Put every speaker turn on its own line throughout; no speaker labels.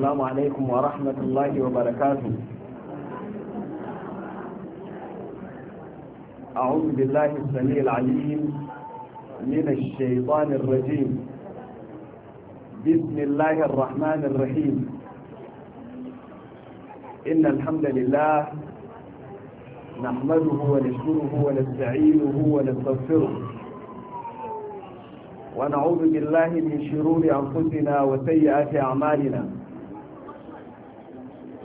السلام عليكم ورحمة الله وبركاته أعوذ بالله السميع العليم من الشيطان الرجيم بسم الله الرحمن الرحيم إن الحمد لله نحمده ونشكره ونستعينه ونستغفره ونعوذ بالله من شرور أنفسنا وسيئات أعمالنا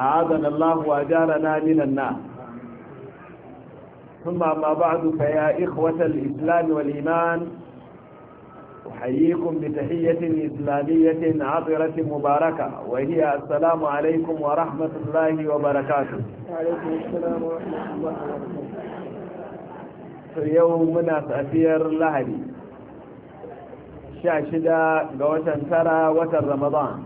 أعاذنا الله وأجارنا من النار ثم ما بعد فيا إخوة الإسلام والإيمان أحييكم بتحية إسلامية عطرة مباركة وهي السلام عليكم ورحمة الله وبركاته وعليكم السلام ورحمة الله وبركاته يومنا تأثير لهدي شاشدة قوة ترى وتر رمضان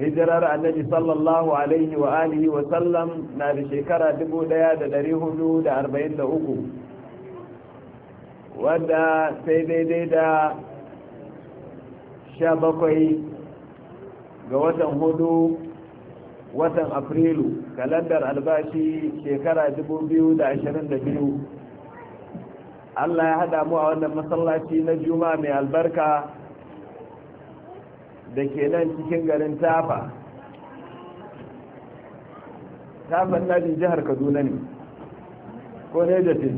hijirar annabi sallallahu alaihi wa alihi wa sallam na da shekara 1443 wadda sai daidai da 17 ga watan hudu watan afrilu kalandar albashi shekara 2022 Allah ya hada mu a wannan masallaci na juma'a mai albarka da ke nan cikin garin tafa na najin jihar kaduna ne ko neja tin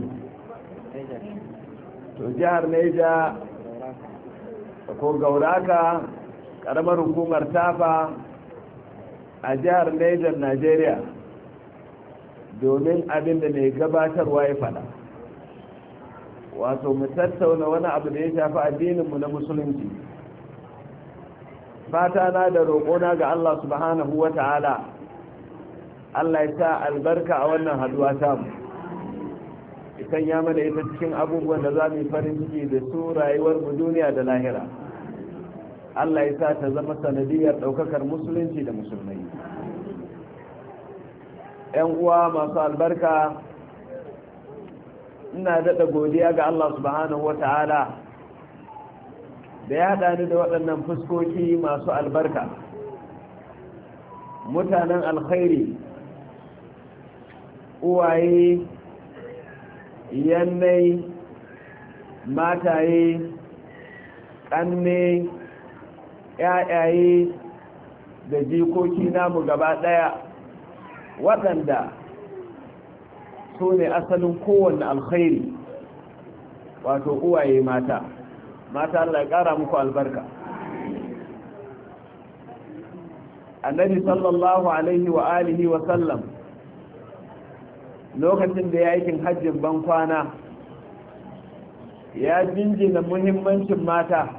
to jihar neja ko gauraka karamar hukumar tafa a jihar neja najeriya domin abin da mai gabatarwa ya fada wato mu tattauna wani abu da ya shafi addininmu na musulunci fata na da roƙona ga Allah subhanahu wa ta'ala Allah ya sa albarka a wannan haduwa mu. ikan ya mana ita cikin abubuwan da za mu yi farin ciki da su rayuwar mu duniya da lahira Allah ya sa ta zama sanadiyar ɗaukakar musulunci da musulmai ‘yan uwa masu albarka ina daɗa godiya ga Allah subhanahu wa ta'ala da ya haɗa ni da waɗannan fuskoki masu albarka mutanen alkhairi uwaye yannai mataye ƙanne ƴaƴaye da jikoki namu gaba ɗaya waɗanda su ne asalin kowanne alkhairi wato uwaye mata mata Allah ya kara muku albarka annabi sallallahu alaihi wa alihi wa sallam lokacin da ya aikin hajjin ban kwana ya jinjina muhimmancin mata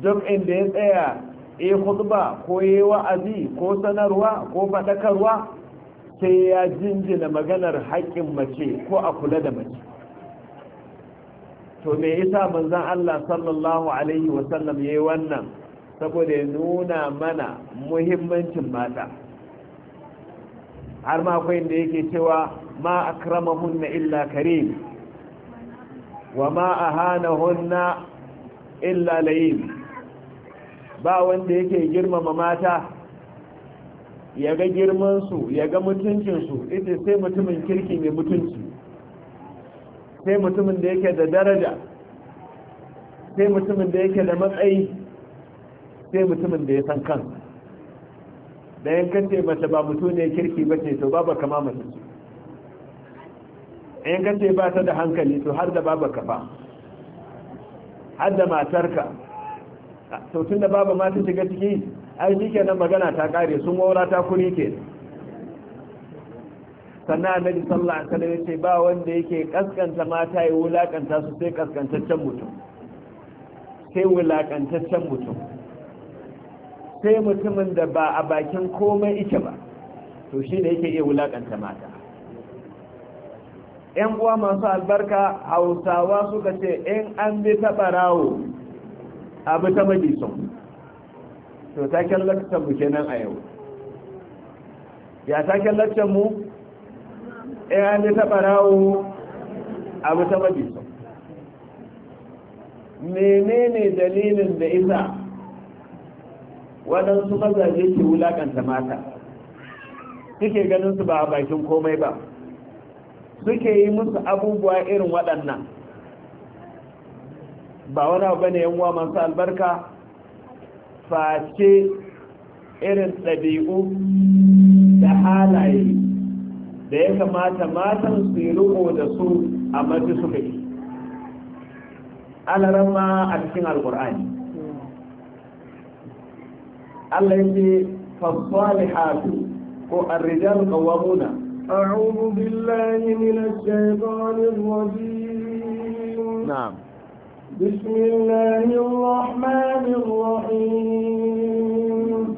duk inda ya tsaya e khutba ko yi wa'azi ko sanarwa ko faɗakarwa sai ya jinjina maganar haƙƙin mace ko a kula da mace to me yasa manzon Allah sallallahu alaihi sallam yayi wannan saboda ya nuna mana muhimmancin mata har ma akwai inda yake cewa ma akramahunna illa karim wa ma ahanahunna illa layim ba wanda yake girmama mata ya ga su ya ga mutuncinsu ita sai mutumin kirki mai mutunci sai mutumin da yake da daraja sai mutumin da yake da matsayi sai mutumin da ya san kan. da kan ce mace ba mutu ne kirki ba ce to babu kama mace ce kan ce ba ta da hankali to har da babu kafa har da matarka to tun da babu ma ta shiga ciki ai shi kenan magana ta kare sun wura ta kuri kenan sannan annabi sallallahu alaihi wasallam yace ba wanda yake kaskanta mata ya wulakanta su sai kaskantaccen mutum sai wulakantaccen mutum sai mutumin da ba a bakin komai ike ba to shi da yake iya wulakanta mata yan uwa masu albarka hausawa suka ce in an bi ta barawo abu ta majisun to taken lakcan mu kenan a yau ya taken lakcan mu Ya eh, an ji abu ta menene dalilin da isa waɗansu mazaje ke wulaƙanta mata suke ganin su ba a bakin komai ba suke yi musu abubuwa irin waɗannan ba wani abu ne yanwa masu albarka face irin ɗabi'u da halaye da ya kamata matan su yi riko da su a mafi suka yi alarama a cikin alkur'ani Allah yake fasalihatu ko ar-rijal qawwamuna a'udhu
billahi minash shaitanir rajim na'am bismillahir rahmanir rahim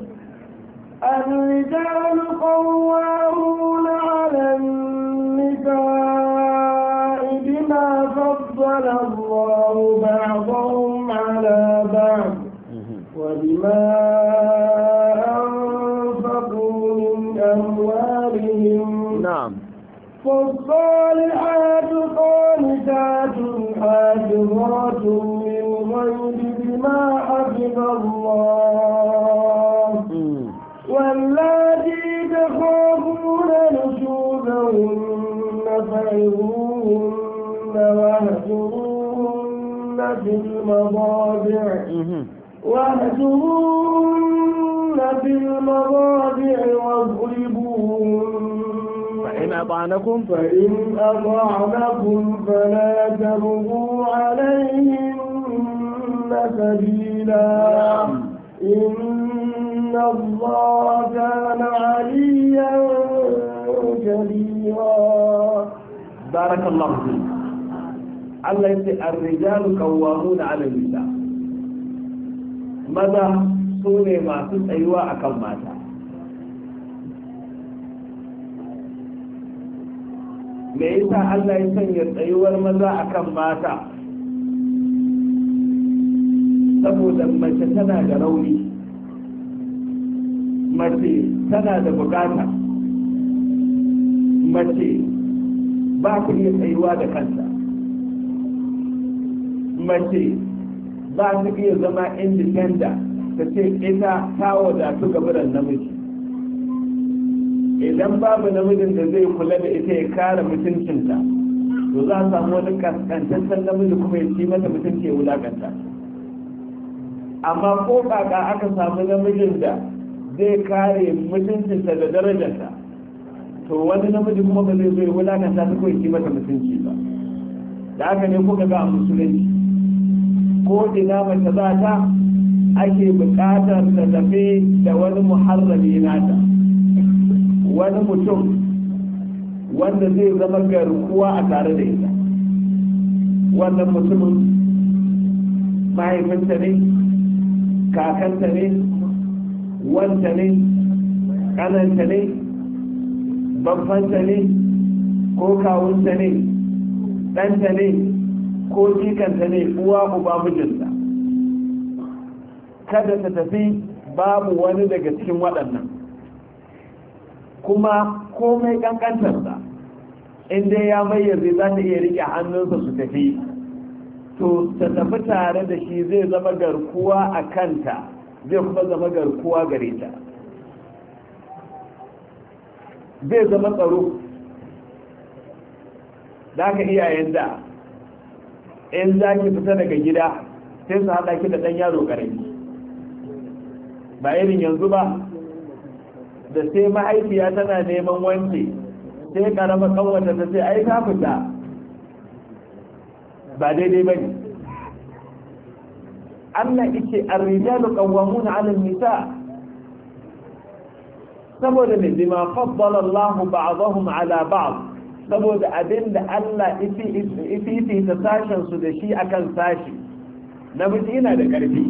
ar-rijal بما أنفقوا من أموالهم نعم فالصالحات قانتات حافظات للغيب بما حفظ الله واللاتي تخافون نشوزهن فعظوهن واهجروهن في المضاجع واهجرون في المضاجع واضربوهن فإن أطعنكم فإن أطعنكم فلا تبغوا عليهن سبيلا إن الله كان عليا كبيرا
بارك الله فيك الله الرجال قوامون على النساء maza su ne masu tsayuwa akan mata me yasa Allah ya sanya tsayuwar maza akan mata saboda mace tana da rauni mace tana da bukata mace ba ku iya tsayuwa da kanta mace za ta iya zama indifenda ta ce ita ta wadatu gabaran namiji idan babu namijin da zai kula da ita ya kare mutuncinta to za a samu wani kaskantaccen namiji kuma ya ci mata mutunci ya wulakanta amma ko kaka aka samu namijin da zai kare mutuncinta da darajarta to wani namiji kuma ba zai zo ya wulakanta ta ko ya ci mata mutunci ba da haka ne ko ga a musulunci ko ina mace za ta ake buƙatar ta tafi da wani muharrami nata wani mutum wanda zai zama garkuwa a tare da ita wannan mutumin mahaifinta ne kakanta ne wanta ne ƙananta ne babbanta ne ko kawunta ne ɗanta ne ko jikanta ne uwa ba mijinta kada ta tafi babu wani daga cikin waɗannan kuma komai ƙanƙantarsa inda ya mayyaze za ta iya riƙe hannunsa su tafi to ta tafi tare da shi zai zama garkuwa a kanta zai kuma zama garkuwa gare ta zai zama tsaro da aka iyayen da in za ki fita daga gida sai su haɗa ki da ɗan yaro ƙarami ba irin yanzu ba da sai mahaifiya tana neman wance sai karama ƙanwata ta sai ai ka fita ba daidai ba ne Allah yake ar-rijalu qawwamuna 'ala an-nisa saboda ne bima faddala Allah ba'dahum 'ala ba'd saboda abin da Allah ifi ta sashen su da shi akan sashi namiji yana da ƙarfi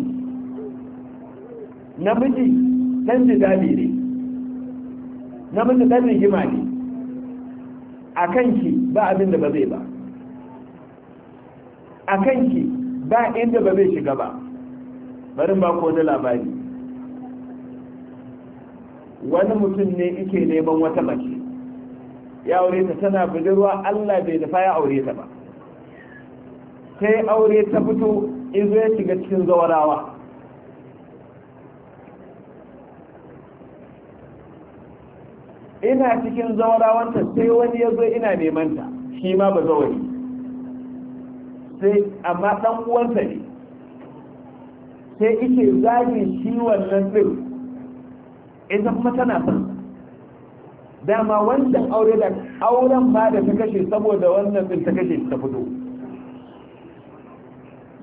namiji dan jidali ne miji dan rigima ne a kanki ba abin da ba zai ba a kanki ba inda ba zai shiga ba barin ba ko da labari wani mutum ne ike neman wata mace ya aure ta tana budurwa Allah bai dafa ya aure ta ba sai aure ta fito izo ya shiga cikin zawarawa ina cikin zawarawanta sai wani ya zo ina neman ta shi ma ba zawari sai amma dan uwansa ne sai ike zagin shi wannan din ita kuma tana son dama wanda aure da auren ba da ta kashe saboda wannan din ta kashe ta fito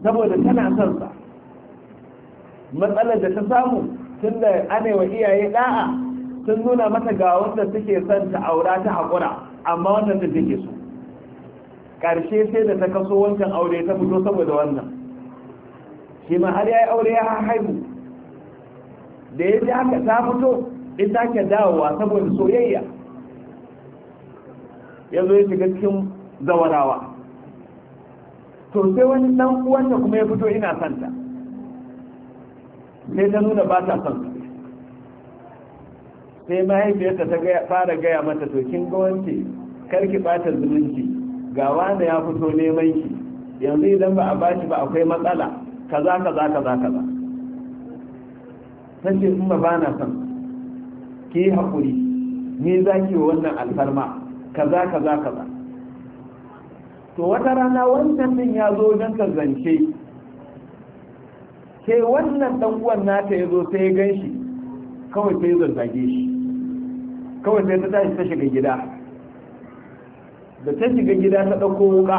saboda tana son sa matsalar da ta samu tun da ana wa iyaye da'a sun nuna mata ga wanda suke son ta aura ta haƙura amma wannan da take so ƙarshe sai da ta kaso wancan aure ta fito saboda wannan shi ma har ya yi aure ya haihu da ya ji haka ta fito in take dawowa saboda soyayya ya zo ya shiga cikin zawarawa to sai wani dan uwanta kuma ya fito ina santa sai ta nuna ba ta son sai mahaifiyarta ta fara gaya mata to kin ga wance karki bata zumunci ga wanda ya fito neman ki yanzu idan ba a bashi ba akwai matsala kaza kaza kaza kaza ta in ba na son ki yi haƙuri ni za ki wannan alfarma kaza kaza kaza to wata rana wancan din ya zo don ka zance sai wannan dan uwan nata ya zo sai ya gan shi kawai sai ya zazzage shi kawai sai ta tashi ta shiga gida da ta shiga gida ta ɗauko wuka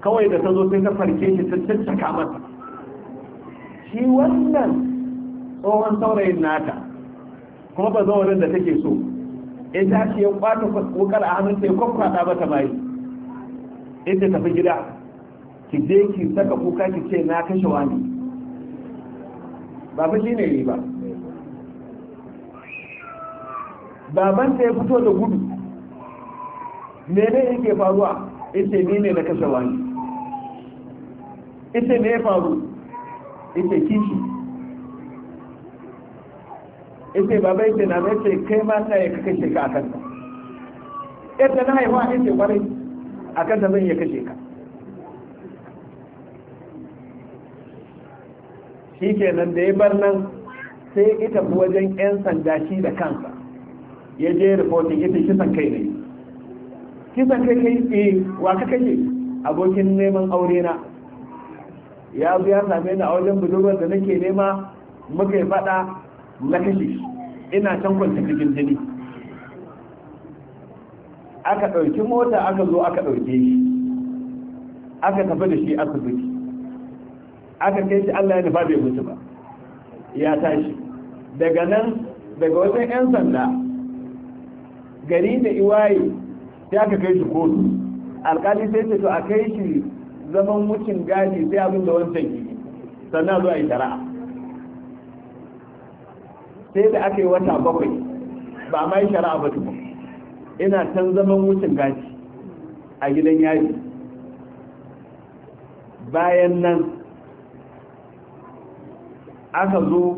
kawai da ta zo sai ta farke shi ta caccaka mata shi wannan tsohon saurayin nata kuma ba zaurin da take so za tashi yi kwata kokar a sai ya ta mata mai ita tafi gida ki je ki saka kuka ki ce na kashe wani ba fa ne ba baban ta ya fito da gudu mene yake faruwa ita ni ne na kashe wani ita ne ya faru ita kishi ita baba ce na ce kai ma ina ya kashe ka akan yadda na haihuwa yace kwarai a kanta zan ya kashe ka shi kenan da ya bar nan sai ya fi wajen 'yan sanda shi da kansa ya je rikotin ita kisan kai ne kisan kai kai e wa ka kashe abokin neman aure na ya biya same ni a wajen budurwar da nake nema muka yi fada na ina can kwanta cikin jini aka ɗauki mota aka zo aka ɗauke shi aka tafi da shi asibiti aka kai shi Allah ya nufa bai mutu ba ya tashi daga nan daga wajen 'yan sanda gari da iwaye sai aka kai shi kotu alkali sai ce to a kai shi zaman mucin gadi sai abin da wancan yi sannan zuwa yi shari'a sai da aka yi wata bakwai ba a mai shari'a ba tukun ina can zaman wucin gaci a gidan yaji bayan nan aka zo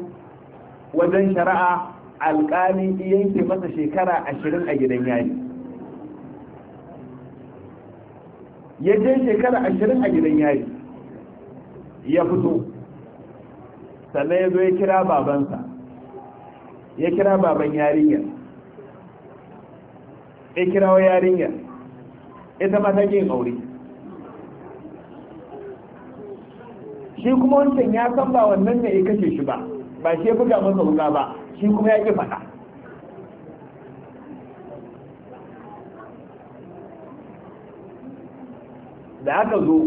wajen shari'a alƙali yanke masa shekara ashirin a gidan yaji ya je shekara ashirin a gidan yaji ya fito sannan ya zo ya kira babansa ya kira baban yarinya ya kira wa yarinya ya zama ta yin aure shi kuma wancan ya san ba wannan ne ya kashe shi ba ba shi ya buga masa wuka ba shi kuma ya ƙi faɗa da aka zo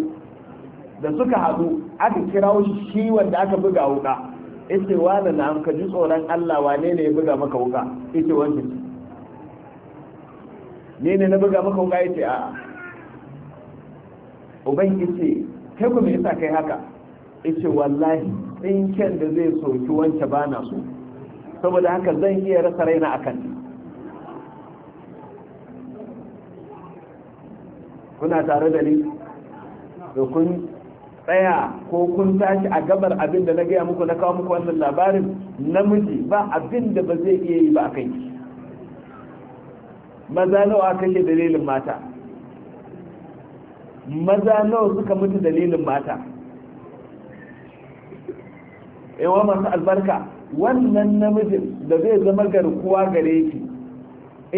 da suka haɗu aka kira shi wanda aka buga wuka ita wani na an kaji tsoron Allah wane ne ya buga maka wuka ita wani ne ne na buga maka wuka ita a uban ita kai kuma yasa kai haka ita wallahi tsinken da zai soki wance ba na so saboda haka zan iya rasa raina a kan kuna tare da ni da kun tsaya ko kun tashi a gabar abin da na gaya muku na kawo muku wannan labarin namiji ba abin da ba zai iya yi ba a kai maza nawa kake dalilin mata maza nawa suka mutu dalilin mata yawa masu albarka wannan namijin da zai zama garkuwa gare ki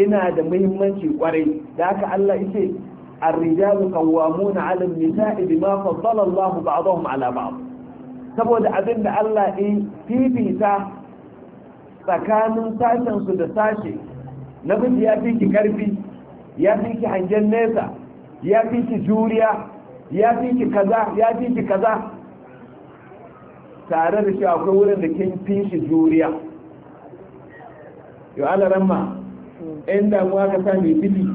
ina da muhimmanci kwarai da haka Allah ce الرجال قوامون على النساء بما فضل الله بعضهم على بعض saboda abin da Allah ya fifita tsakanin sashensu da sashe namiji ya fi ki ƙarfi, ya fi ki hangen nesa ya fi ki juriya ya fi ki kaza ya fi ki kaza tare da shi akwai wurin da kin fi shi juriya yau ala ramma in damuwa ka sami fiti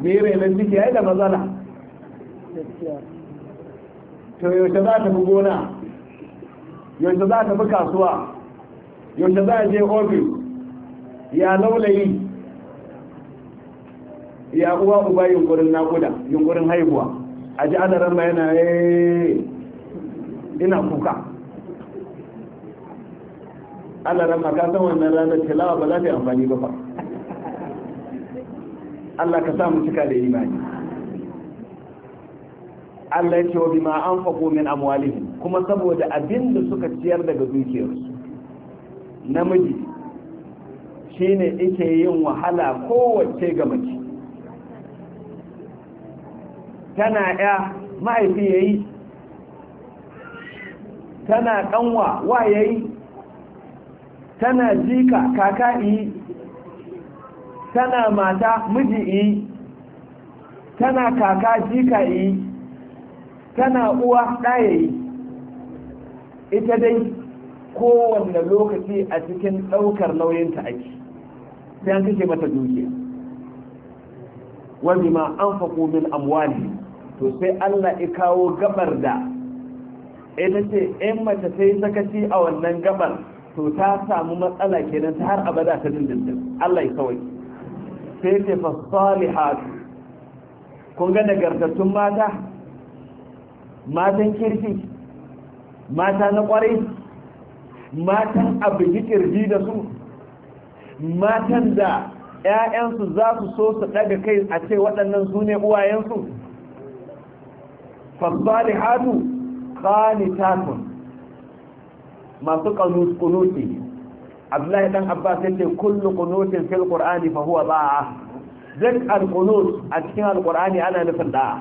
da yi renon ciki ai da matsala to yaushe za ta fi gona yaushe za ta fi kasuwa yaushe za a je ofis ya laulayi ya uwa uba yunkurin nakuda yunkurin haihuwa a ji adaran ma yana eh, ina kuka adaran ma ka san wannan ranar tilawa ba za ta yi amfani ba fa Allah ka samu cika da imani Allah ya ce wa bima anfaqu min amwalihim kuma saboda abin da suka ciyar daga dukiyarsu namiji shine yake yin wahala kowace ga mace tana ya mahaifi yayi tana kanwa wa yayi tana jika kaka'i tana mata miji yi tana kaka jika yi tana uwa ɗaya yi ita dai kowanne lokaci a cikin ɗaukar nauyinta ake sai an kashe mata dukiya wani ma an faƙo min amwani to sai allah ya kawo gabar da ita ce in mace sai sakaci a wannan gabar to ta samu matsala kenan ta har abada ta dindindin allah ya kawai sai ce salihat kun ga nagartattun mata matan kirki mata na kwarai matan abin kirji da su matan da 'ya'yansu za su so su ɗaga kai a ce waɗannan su ne uwayensu fasalihatu qanitatun masu kunuti abdullahi dan abbas yace kullu qunutin fil qur'ani fa huwa da'a duk alqunut a cikin alqur'ani ana nufin da'a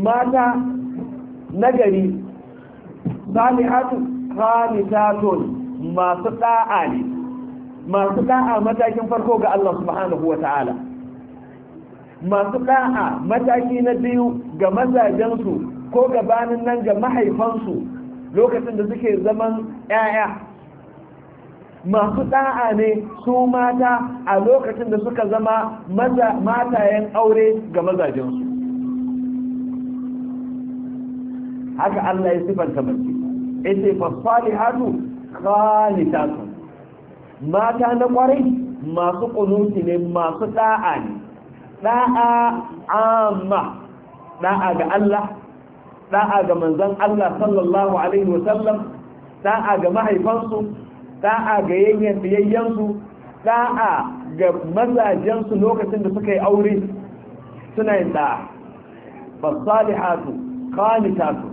mata nagari salihatu qanitatun masu da'a ne masu da'a matakin farko ga Allah subhanahu wata'ala masu da'a mataki na biyu ga mazajensu ko gabanin nan ga mahaifansu lokacin da suke zaman 'ya'ya masu da'a ne su mata a lokacin da suka zama matayen aure ga mazajensu haka Allah ya sifanta mace ita fasfali hatu tasu mata na kwarai masu kunuti ne masu da'a ne da'a amma da'a ga Allah da'a ga manzan Allah sallallahu alaihi wasallam da'a ga mahaifansu da'a ga yayyan biyayyansu da'a ga mazajensu lokacin da suka yi aure suna yin da'a salihatu qanitatu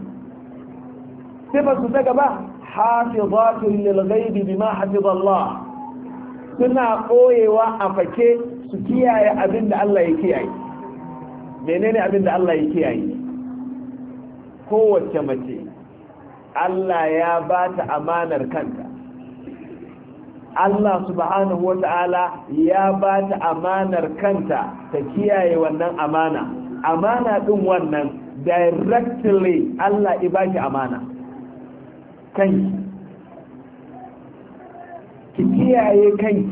sifatu ta gaba hafizatu lil ghaibi bima hafiz Allah suna koyewa a fake su kiyaye abin da Allah ya kiyaye menene abin da Allah ya kiyaye kowace mace Allah ya ba ta amanar kanta Allah subhanahu wata'ala ya ba ta amanar kanta ta kiyaye wannan amana amana din wannan directly Allah ya baki amana kanki ki kiyaye kanki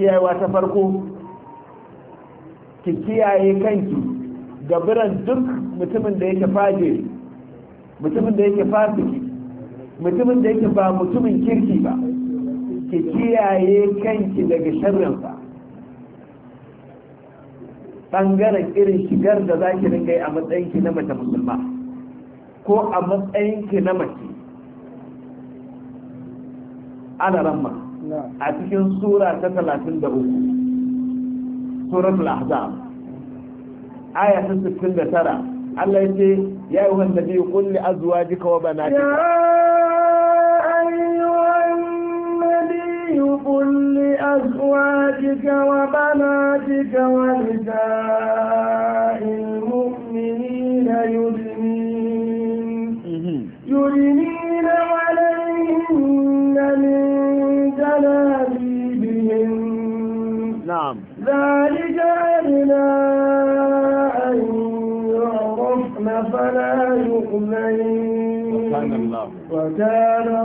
kiyayewa ta farko ki kiyaye kanki gabiran duk mutumin da yake faje mutumin da yake fasiki mutumin da yake ba mutumin kirki ba ki kiyaye kanki daga sharrinsa ɓangaren irin shigar da za ki dinga yi a matsayinki na mace musulma ko a matsayinki na mace ana ramma a cikin sura ta talatin da uku suratul ahzab aya ta sittin da tara Allah ya ce ya yi wanda biyu kulli azuwa jika wa banatika
قل لأزواجك وبناتك ونساء المؤمنين يدنين يدنين عليهن من جلابيبهن نعم ذلك أدنى أن يعرفن فلا يؤمنين وكان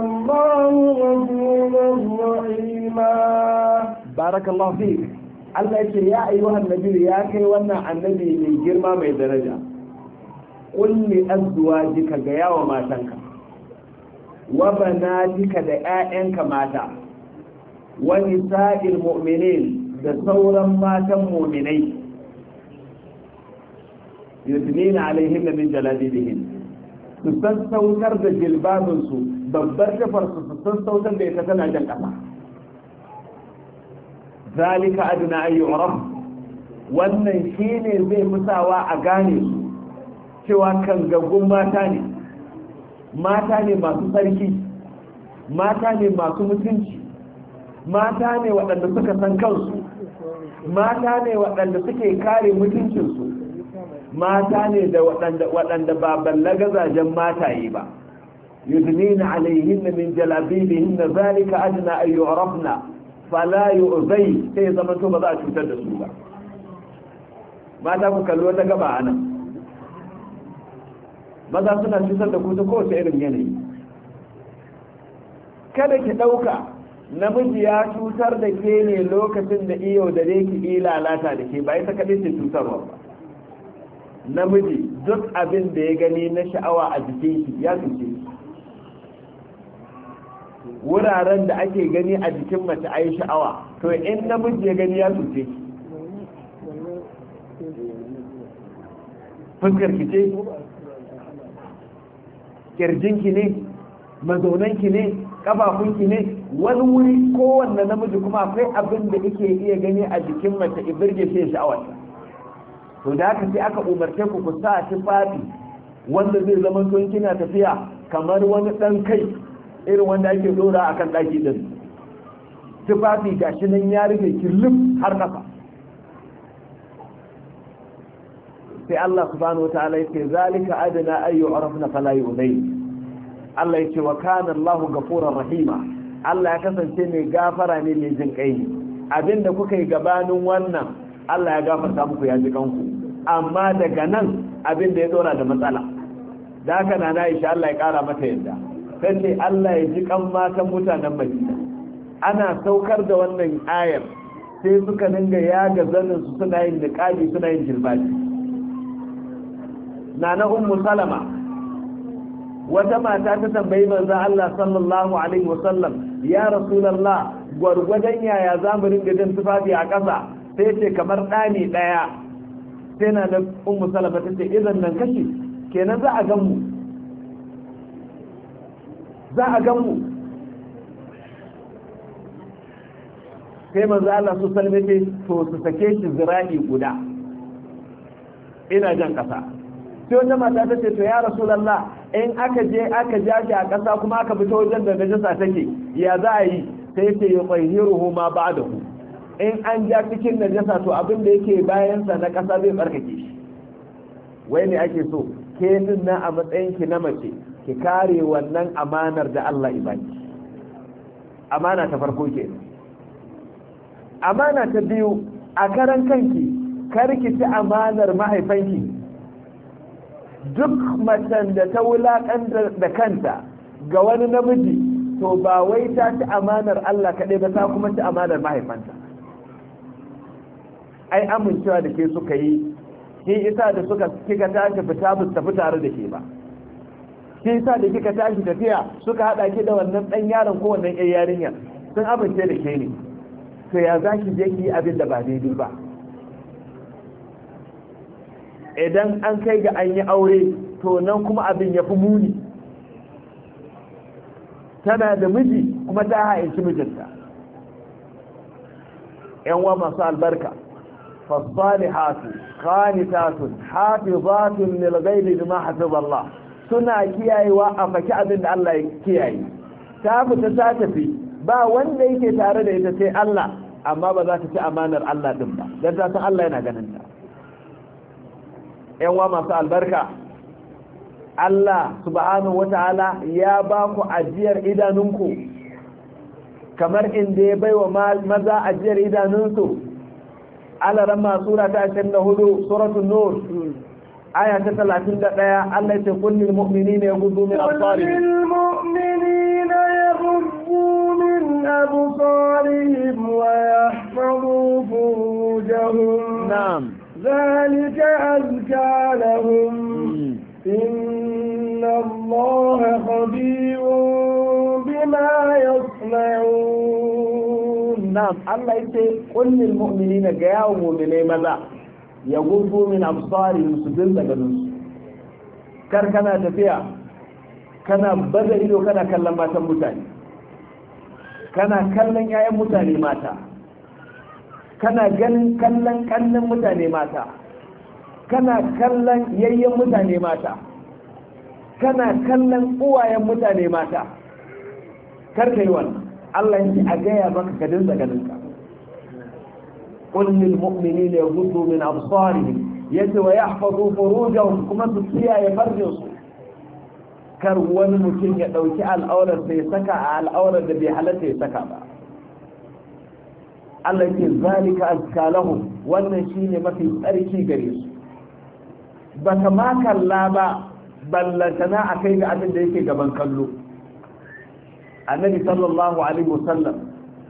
الله غفورا رحيما azima barakallahu fi Allah ce ya ayyuha ya kai wannan annabi mai girma mai daraja qul li azwajika ga yawa matanka wa banatika da ƴaƴanka mata wa nisa'il mu'minin da sauran matan mu'minai yudnina alaihin min jalabibihin su sassautar da jilbabinsu babbar kafar su sassautar da ita tana jan ƙasa zalika adna ay yu'raf wannan shine zai musawa a gane su cewa gaggun mata ne mata ne masu sarki mata ne masu mutunci mata ne waɗanda suka san kansu mata ne waɗanda suke kare mutuncinsu mata ne da waɗanda ba ballaga zajen yi ba yudnina alaihin min jalabibihinna zalika adna ay na. fala ozai sai ya zama to ba za a cutar da su ba mata ku kalli wata gaba a nan maza suna cutar da ku ta kowace irin yanayi kada ki ɗauka namiji ya cutar da ke ne lokacin da iyo da ne ki lalata da ke ba ta kaɗai ce cutarwa ba namiji duk abin da ya gani na sha'awa a jikin shi ya cuce shi wuraren da ake gani a jikin mace a yi sha'awa to in namiji ya gani ya cuce
ki
fuskar ki ce ki ne mazaunanki ne kafafunki ne wani wuri kowanne namiji kuma akwai abin da yake iya gani a jikin mace ibirge shi sha'awa to da haka sai aka umarce ku ku sa fadi wanda zai zama tun kina tafiya kamar wani dan kai irin wanda ake dora akan daki din tufafi gashi nan ya rufe kirlif har kafa sai Allah subhanahu wataala ce zalika adana ay arafna fala yu'dhay Allah ya ce wa kana Allahu rahima Allah ya kasance mai gafara ne mai jin kai abinda kuka yi gabanin wannan Allah ya gafarta muku ya ji kanku amma daga nan abinda ya dora da matsala da haka na na insha Allah ya kara mata yadda sai ce Allah ya ji kan matan mutanen Madina ana saukar da wannan ayar sai suka dinga yaga zanin su suna yin niqabi suna yin jilbabi nana ummu salama wata mata ta tambayi manzon Allah sallallahu alaihi wasallam ya rasulullah gwargwadon yaya za mu ringa jin tufafi a ƙasa sai ce kamar ɗani ɗaya sai na da ummu salama ta ce idan nan kashi kenan za a gan mu za a gan mu sai manzo Allah su salmete to su sake shi zira'i guda ina jan kasa sai wata mata ta ce to ya rasulullah in aka je aka ja shi a kasa kuma aka fito wajen da najasa take ya za a yi sai ce ya tsayiruhu ma ba'dahu in an ja cikin najasa to abin da yake bayansa na kasa zai tsarkake shi wai ne ake so ke nan na a matsayinki na mace ki kare wannan amanar da Allah ibaki amana ta farko ke amana ta biyu a karan kanki ki ci amanar mahaifanki duk macen da ta wulaƙanta da kanta ga wani namiji to ba wai ta ci amanar Allah kaɗai ba ta kuma ci amanar mahaifanta ai amincewa da ke suka yi shi isa da suka kika tashi fita ba tafi tare da ke ba shi yasa da kika tashi tafiya suka hada ki da wannan dan yaron ko wannan yan yarinya sun amince da ke ne to ya zaki je ki yi abin da ba daidai ba idan an kai ga an yi aure to nan kuma abin ya fi muni tana da miji kuma ta haici mijinta wa masu albarka Kani tatun Hafi, hafizatun lil da bima hafiz Allah suna kiyayewa a faki abin da Allah ya kiyaye ta fita ta tafi ba wanda yake tare da ita sai Allah amma ba za ta ci amanar Allah din ba dan ta san Allah yana ganin ta ƴan masu albarka Allah subhanahu wataala ya ba ku ajiyar idanunku kamar inda ya baiwa maza ajiyar idanunsu alaran ma sura ta 24 suratul nur aya ta 31 Allah ya ce kullil mu'minina yaghuddu min absarihim
kullil ya yaghuddu min absarihim wa yahfazu furujahum na'am ذلك أزكى hmm. bima إن الله خبير
بما يصنعون نعم الله يقول للمؤمنين جاءوا مؤمنين ماذا ya gudu min absarihim su dinga ganin su kar kana tafiya kana baza ido kana kallon matan mutane kana kallon 'ya'yan mutane mata kana ganin kallon kallon mutane mata kana kallon 'yayyan mutane mata kana kallon uwayen mutane mata kar yi wannan Allah yake a gaya maka ka dinga ganin ka قل للمؤمنين يغضوا من Ya ce wa da furujahum kuma su kiyaye farjin su kar wani mutum ya ɗauki al'aurar sai saka a al'aurar da bai halatta ya saka ba Allah yake zalika azkalahum wannan shine mafi tsarki gare su ba ka ma kalla ba ballantana a kai ga abin da yake gaban kallo annabi sallallahu alaihi wasallam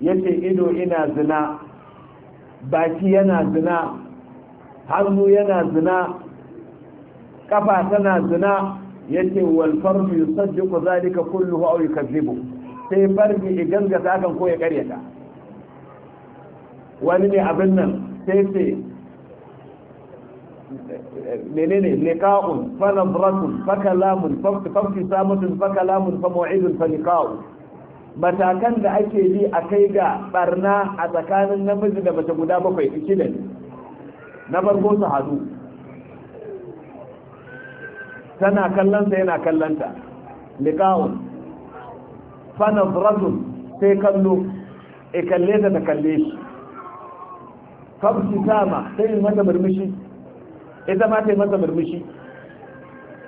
yace ido ina zina baki yana zina hannu yana zina kafa tana zina yace wal fardu yusaddiqu zalika kulluhu aw yukazzibu sai farbi ya ga sakan ko ya karyata wani ne abin nan sai sai, menene Nikaun, fa nadratun fa kalamun fa samatun fa kalamun fa mu'idun fa liqa'un matakan da ake bi a kai ga barna a tsakanin namiji da mace guda bakwai shida ne na farko su hadu tana kallonsa yana kallonta Likawun, fa nazratun sai kallo e kalle ta ta kalle shi fabtitama sai mata murmushi ita ma ta mata murmushi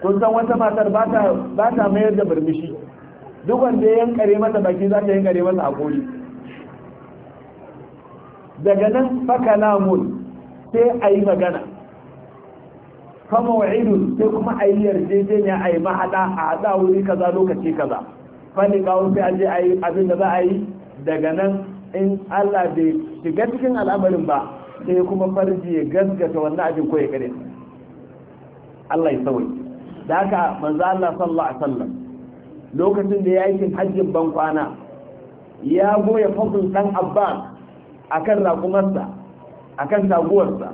kun san wata matar ba ta mayar da murmushi duk wanda ya yankare masa baki za ta yankare masa hakuri daga nan fakalamun sai a yi magana kama wa'idun sai kuma a yi ne a yi mahaɗa a haɗa wuri kaza lokaci kaza fani kawo sai an je a yi abin da za a yi daga nan in allah bai shiga cikin al'amarin ba sai kuma farji ya gaskata wannan abin ko ya kare allah ya sauyi da haka manzo allah sallallahu alaihi wasallam lokacin da ya yi hajjin ban kwana ya goya fasul dan abba akan raƙumarsa akan taguwarsa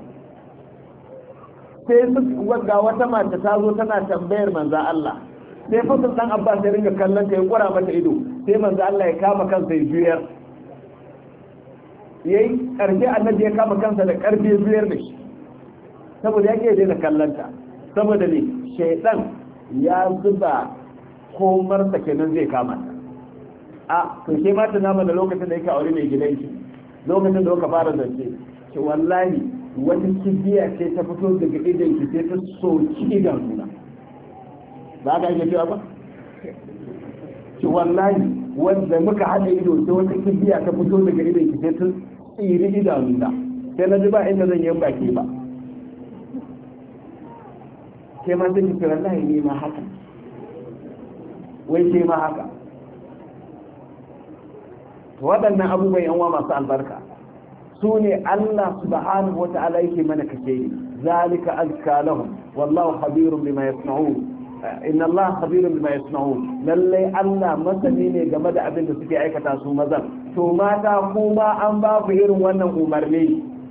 sai wanda wata mata ta zo tana tambayar manza Allah sai fasul dan abbas sai ringa kallon ta ya kura mata ido sai manza Allah ya kama kansa ya juyar yayi karfi annabi ya kama kansa da karfi juyar da shi saboda yake daina kallon ta saboda ne shaidan ya zuba ko sa kenan zai kama a to ke ma ta nama da lokacin da yake aure mai gidanki lokacin da ka fara zance ki wallahi wata kibiya ce ta fito daga idan ki sai ta soki idan nuna ba ka yi cewa ba ki wallahi wanda muka haɗa ido sai wata kibiya ta fito daga idan ki ta tsiri idan nuna sai na ji ba inda zan yi baki ba sai ma sai ki wallahi ne ma haka wai ce ma haka waɗannan abubuwan yanwa masu albarka su ne Allah subhanahu wata'ala yake mana kake zalika azka lahum wallahu khabirun bima yasna'un inna Allah khabirun bima yasna'un lallai Allah masani ne game da abin da suke aikata su mazan to mata kuma an ba ku irin wannan umarni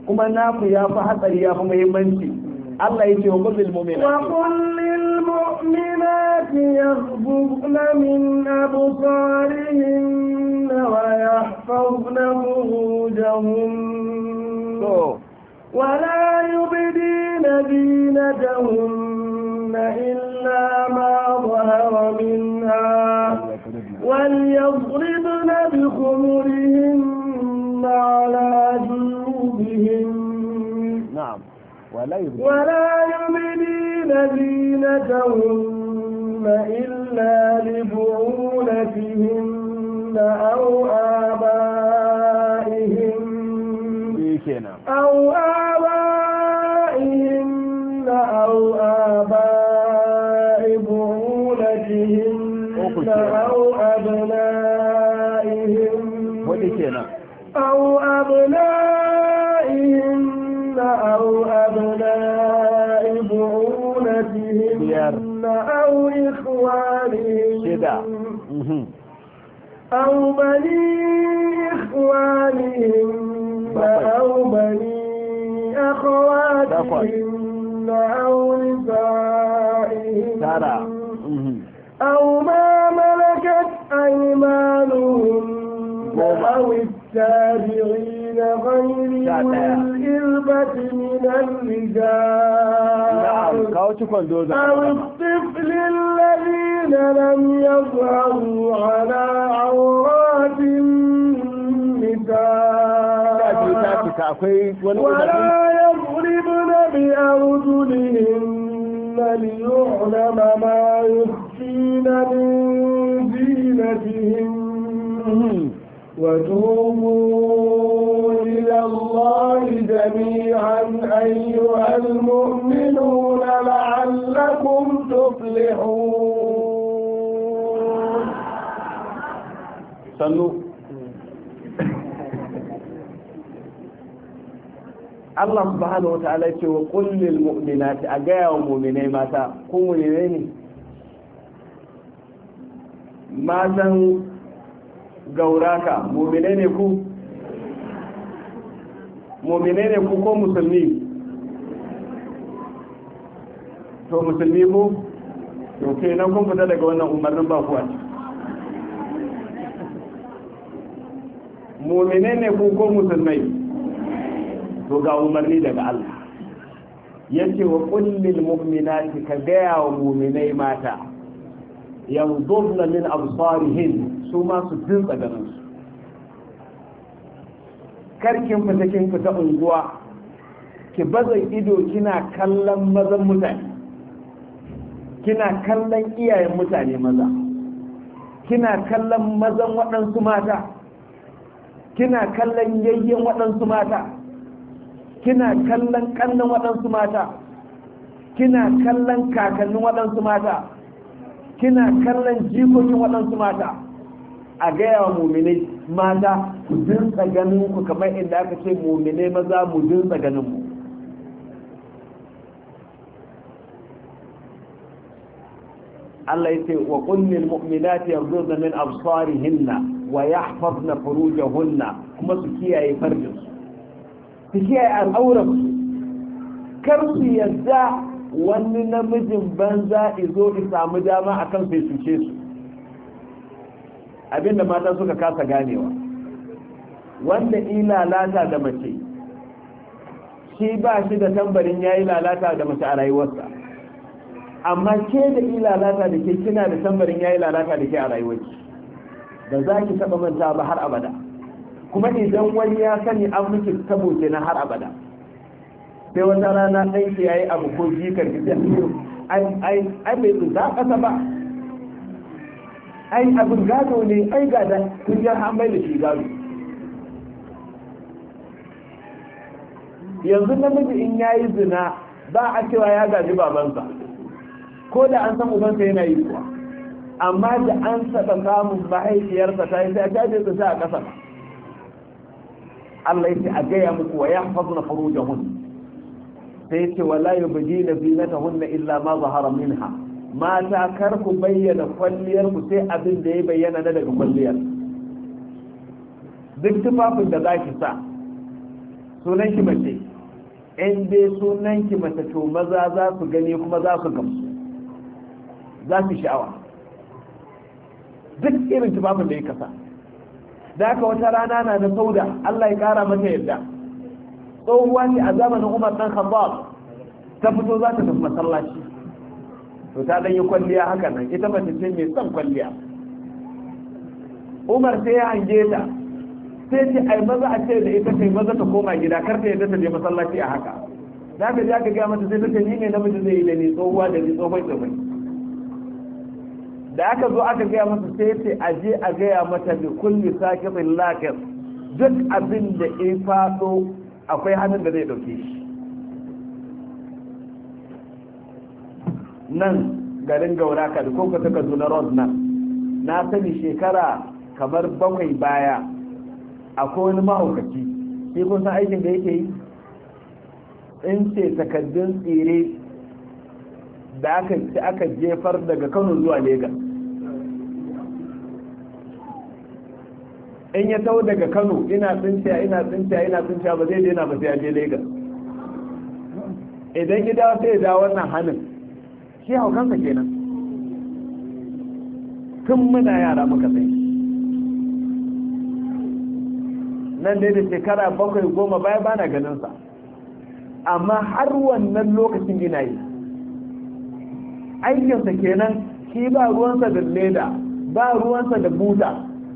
kuma naku ya fi hatsari ya fi muhimmanci Allah ya ce wa kullil mu'minati
يغضبن من أبصارهن ويحفظن فروجهن ولا يبدين دينتهن إلا ما ظهر منها وليضربن بخمرهن على جنوبهن نعم ولا يبدين دينتهن إلا لبعولتهم أو آبائهم إيه أو آبائهم أو آباء بعولتهم أو أبنائهم إيه أو أبنائهم أو أبنائهم أو إخوانهم أو بني إخوانهم طيب. أو بني أخواتهم أو نسائهم أو ما ملكت أيمانهم أو التابعين غير الإربة من الرجال أو الطفل الذين لم يظهروا على عورات النساء ولا يضربن بأرجلهن ليعلم ما يخفين من زينتهن وتوبوا الله جميعا أيها المؤمنون لعلكم تفلحون
صلوا Allah subhanahu wa ta'ala ce wa kullil mu'minati a gaya wa mu'minai mata mu'minai ne matan gauraka mu'minai ne ku Mominai ne ku ko musulmi to musulmi ku to na kun fita daga wannan umarnin ba ku mominai ne ku ko musulmai to ga umarni daga Allah yace wa kullil mu'minati ka gaya wa mu'minai mata yanzurna min absarihin su ma su dinsa ganin karkin fita kin fita unguwa ki baza ido kina kallon mazan mutane kina kallon iyayen mutane maza kina kallon mazan waɗansu mata kina kallon yayyen waɗansu mata kina kallon ƙannan waɗansu mata kina kallon kakannin waɗansu mata kina kallon jikokin waɗansu mata a gaya wa muminai mata ku dinsa ganin ku kamar inda aka ce mumine maza mu dinsa ganin mu Allah yace wa qunnil mu'minati yaghdudna min absarihinna wa yahfazna furujahunna kuma su kiyaye farjin su kiyaye al'auran su kar su yadda wani namijin banza izo ki samu dama akan sai su ce su abinda mata suka kasa ganewa wanda yi lalata da mace shi ba shi da tambarin ya yi lalata da mace a rayuwarsa amma ke da yi lalata da ke kina da tambarin ya yi lalata da ke a rayuwarki da za ki taɓa manta ba har abada kuma idan wani ya sani an miki saboda na har abada sai wata rana ɗanki ya yi abu ko jikar ki sai ai bai tsinta ƙasa ba ai abin gado ne ai gada kun ya da shi gado yanzu na namiji in ya yi zina ba a cewa ya gaji babansa ko da an san ubansa yana yi kuwa amma da an saba samun mahaifiyarsa ta yi ta su sa a ƙasa Allah ya ce a gaya muku wa ya hafazu na faru da hun sai ce wala hun na illa ma zahara ha. mata kar ku bayyana kwalliyar ku sai abin da ya bayyana na daga kwalliyar duk tufafin da za ki sa sunan ki mace in dai sunan ki mace to maza za su gani kuma za su gamsu za su sha'awa duk irin tufafin da ya kasa da aka wata rana na da sauda Allah ya kara mata yadda tsohuwa ne a zamanin Umar ɗan Khattab ta fito za ta tafi masallaci to ta dan yi kwalliya haka nan ita mace ce mai son kwalliya Umar sai ya hange ta sai ce ai maza a ce da ita ce maza ta koma gida kar ta yadda ta je masallaci a haka za ka je aka gaya mata sai ta ni ne namiji zai yi da ni tsohuwa da ni tsohon tsohon da aka zo aka gaya mata sai ce a je a gaya mata da kulli sakin lakas duk abin da ya faso akwai hannun da zai dauke shi nan garin gaura ka da koko ta kaduna road nan na sani shekara kamar bakwai baya akwai wani mahaukaci sai kun san aikin da yake yi in ce takaddun tsere da aka ci aka jefar daga kano zuwa lagos in ya tau daga kano ina tsinciya ina tsinciya ina tsinciya ba zai daina ba sai a je lagos idan gida sai ya dawo wannan hannun shi haukansa kenan tun muna yara muka sai nan dai da shekara bakwai goma baya bana ganinsa amma har wannan lokacin ina yi aikinsa kenan shi ba ruwansa da leda ba ruwansa da buta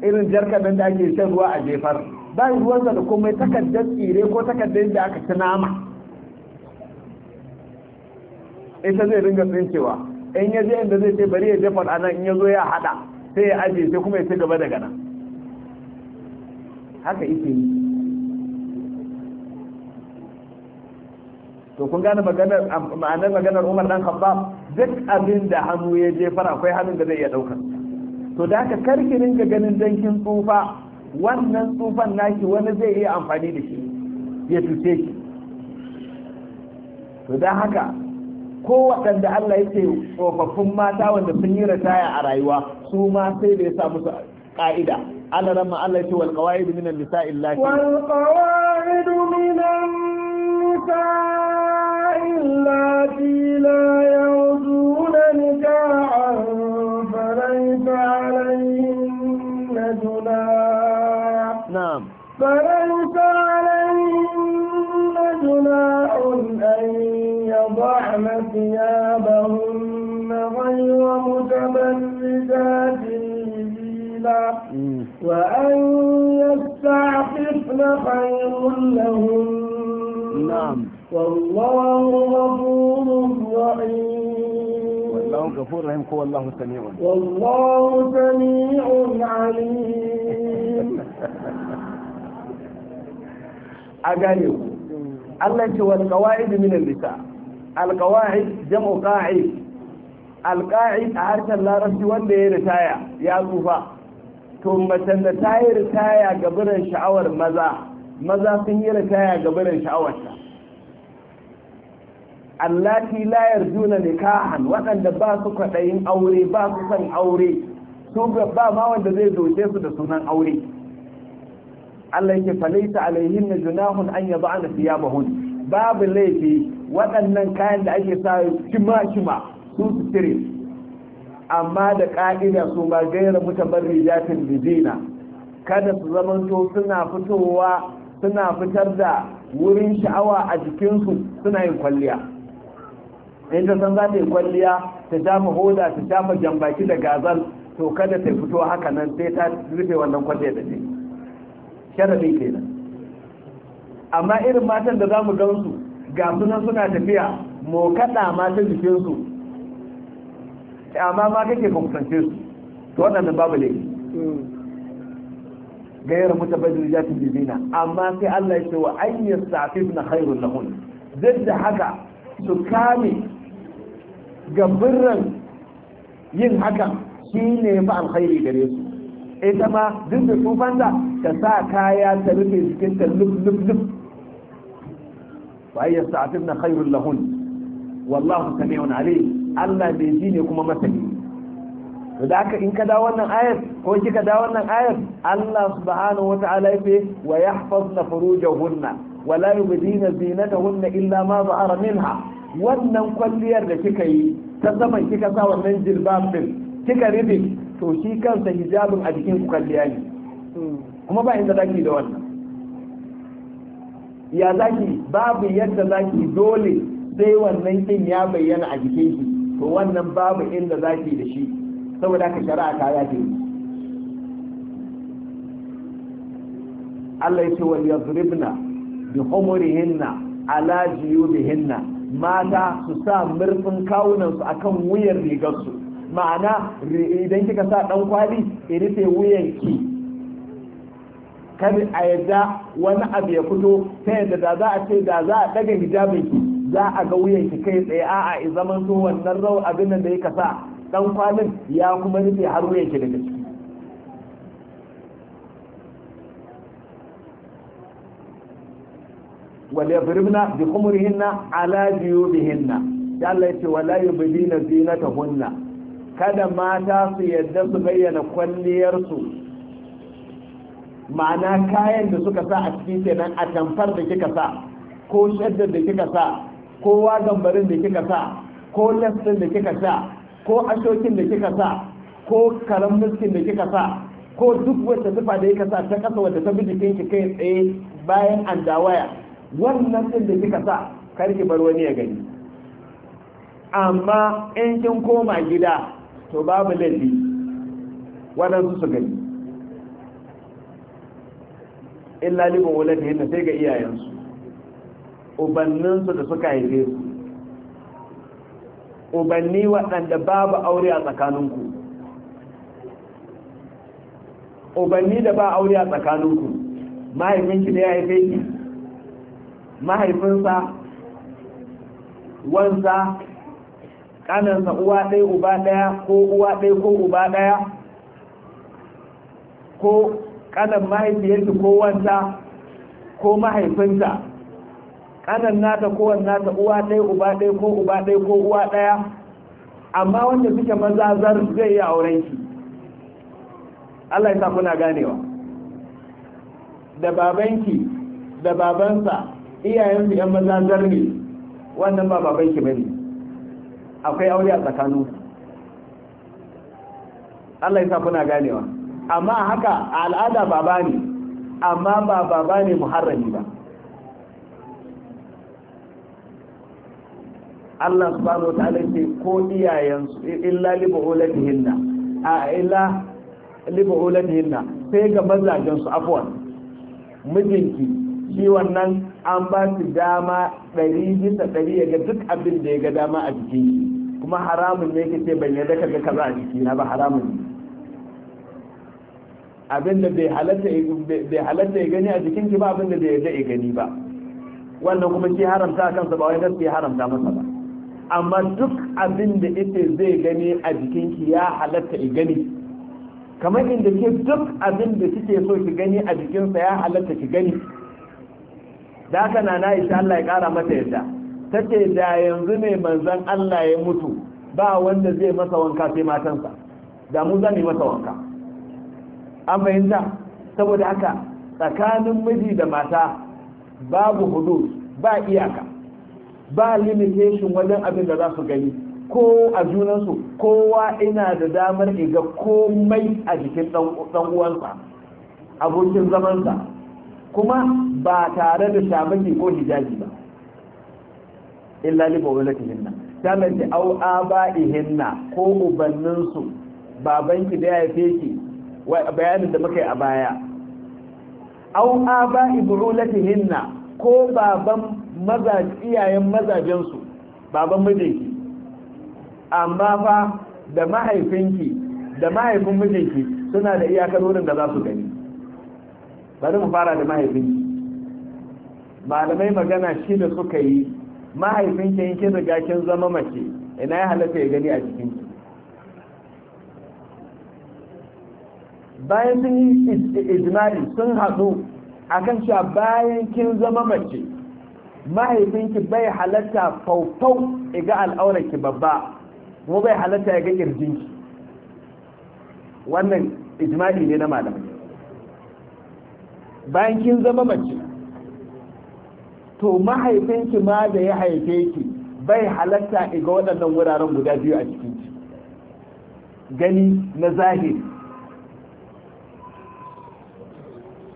irin nan da ake shan ruwa a jefar ba ruwansa da komai takardar tsire ko takardar da aka ci nama ita zai ringa tsincewa in ya je inda zai ce bari ya jefa a nan in ya zo ya haɗa sai ya ajiye sai kuma ya ci gaba daga nan haka ike yi to kun gane ma'anar maganar umar dan kamba duk abin da hannu ya jefar akwai hannun da zai iya ɗaukar to da haka karki ringa ganin dankin tsufa wannan tsufan naki wani zai iya amfani da shi ya cuce shi to da haka ko waɗanda Allah yake tsofaffin mata wanda sun yi rataya a rayuwa su ma sai da ya sa musu ƙa'ida Allah ramma Allah ce wal qawaid min an nisa illati wal
qawaid min an nisa illati la yawduna nikahan falaysa alayhin junah na'am falaysa يضعن ثيابهن غير متبرجات بذيلا وأن يستعففن خير لهن نعم والله غفور رحيم والله
غفور رحيم هو الله سميع
والله سميع عليم
أغانيكم Allah ce wal qawaid min alƙawahid jam'o qa'id alƙa'id a harshen larabci wanda ya ritaya ya tsufa to macen da ta yi ritaya ga birin sha'awar maza maza sun yi ritaya ga birin sha'awarta allati la yarjuna nikahan waɗanda ba su kwaɗayin aure ba su son aure su ba ma wanda zai doce su da sunan aure Allah yake falaita alaihin na junahun an yaba ana siya bahun babu laifi waɗannan kayan da ake sa kima shima su su cire amma da ƙa'ida su ba gaira mutabar rijatin bijina kada su zamanto suna fitowa suna fitar da wurin sha'awa a jikinsu suna yin kwalliya in ta san za ta yi kwalliya ta shafa hoda ta shafa jambaki da gazal to kada ta fito haka nan sai ta rufe wannan kwalliya da ce ne kenan amma irin matan da za mu gansu ga sunan suna tafiya kada ma ta su eh, amma ma kake ka kusance su to waɗannan babu laifi gairar mutabadir jafin bibina amma sai Allah ya ce wa an safi na khairun lahun duk da haka su kame ga birran yin hakan shi ne fa alkhairi gare su ita ma duk da tufanta ta sa kaya ta rufe jikinta lub lub lub wa ayyar sa'atin na khairun lahun wallahu sami'un alim Allah bai ji ne kuma masani to da in ka dawo wannan ayar ko kika dawo wannan ayar Allah subhanahu wata'ala yace wa yahfazna furujahunna wa la yubdina zinatahunna illa ma za'ara minha wannan kwalliyar da kika yi ta saman kika sa wannan jilbab din kika rufe to shi kansa hijabin a jikin kwalliya ne kuma ba inda zaki da wannan ya zaki babu yadda zaki dole sai wannan kin ya bayyana a jikin shi to wannan babu inda zaki da shi saboda ka shari'a ta ya ce Allah ya wal yadribna bi humurihinna ala jiyubihinna mata su sa murfin kawunan su akan wuyan su. ma'ana idan kika sa dan kwali ki sai wuyan ki kar a yadda wani abu ya fito ta yadda da za a ce da za a ɗaga hijabin ki za a ga wuyan ki kai tsaye a a zaman to wannan rau abin nan da ya kasa dan kwanin ya kuma rufe har wuyan ki daga ciki wale birna bi kumurihinna ala jiyubihinna ya Allah ya ce wala yubdina zinatahunna kada mata su yadda su bayyana kwalliyarsu ma'ana kayan da suka sa a cikin kenan a tamfar da kika sa ko shaddar da kika sa ko wagambarin da kika sa ko lastin da kika sa ko ashokin da kika sa ko karam da kika sa ko duk wata tufa da kika sa ta kasa wadda ta bi jikin ki kai tsaye bayan an dawaya wannan din da kika sa kar ki bar wani ya gani amma in kin koma gida to babu laifi waɗansu su gani illa liba wula da hinna sai ga iyayensu ubanninsu da suka haife su ubanni waɗanda babu aure a tsakaninku ubanni da ba aure a tsakaninku mahaifinki da ya haife ki mahaifinsa wansa ƙanansa uwa ɗaya uba ɗaya ko uwa ɗaya ko uba ɗaya ko kanan mahaifiyarki ko wanta ko mahaifinta kanan nata ko wannata uwa ɗaya uba ɗaya ko uba ɗaya ko uwa ɗaya amma wanda suke mazazar zai yi auren ki Allah ya sa kuna ganewa da babanki da babansa iyayensu yan mazazar ne wannan ba babanki bane akwai aure a tsakaninsu Allah ya sa kuna ganewa amma haka al'ada baba ne amma ba baba ne muharrami ba Allah subhanahu wa ta'ala ce ko iyayensu illa libulatihinna a illa libulatihinna sai ga mazajen su afwan mijinki shi wannan an ba su dama ɗari bisa ɗari ga duk abin da ya ga dama a jikin kuma haramun ne yake ce ban yarda kaga kaza a na ba haramun ne abinda bai halatta ya gani a jikin ki ba abinda bai yarda ya gani ba wannan kuma ki haramta kansa ba wai nan haramta masa ba amma duk abinda ita zai gani a jikin ki ya halatta ya gani kamar inda ke duk abinda kike so ki gani a sa ya halatta ki gani da haka na na Allah ya kara mata yadda tace da yanzu ne manzon Allah ya mutu ba wanda zai masa wanka sai matansa da mu zan yi masa wanka an fahimta saboda haka tsakanin miji da mata babu hudu ba iyaka ba limitation wajen abin da za su gani ko a junansu kowa ina da damar iga komai a jikin ɗan abokin zamansa kuma ba tare da shamaki ko hijaji ba illa li wani ta mace ba ihinna ko ubanninsu babanki da ya fi bayanin da muka yi a baya au aba hinna ko baban maza iyayen mazajensu baban mijinki amma fa da mahaifinki da mahaifin mijinki suna da iyakar wurin da za su gani bari mu fara da mahaifinki malamai magana shi da suka yi mahaifinki yankin riga kin zama mace ina ya halatta ya gani a cikinki bayan sun yi ijimari sun haɗu a kan cewa bayan kin zama mace mahaifinki bai halatta faufau ga al'aurarki babba kuma bai halatta ya ga ƙirjinki wannan ijimali ne na malamai bayan kin zama mace to mahaifinki ma da ya haife ki bai halatta ga waɗannan wuraren guda biyu a cikinki gani na zahiri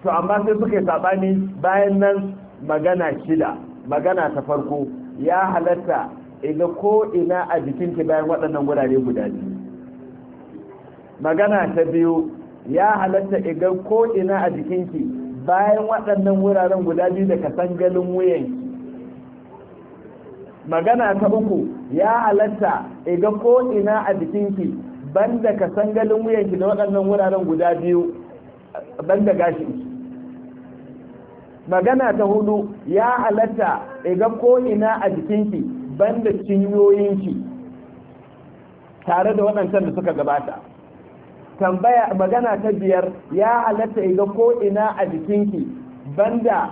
to amma sai suka yi saɓani bayan nan magana shida magana ta farko ya halatta ina ko ina a jikinki bayan waɗannan gurare guda biyu magana ta biyu ya halatta iga ko ina a jikinki bayan waɗannan wuraren guda biyu da galin wuyan magana ta uku ya halatta iga ko ina a jikinki banda wuyan wuyanki da waɗannan wuraren guda biyu banda gashi magana ta hudu ya halatta ga ko'ina a jikinki banda cinyoyinki tare da waɗancan da suka gabata tambaya magana ta biyar ya halatta ga ko'ina a jikinki banda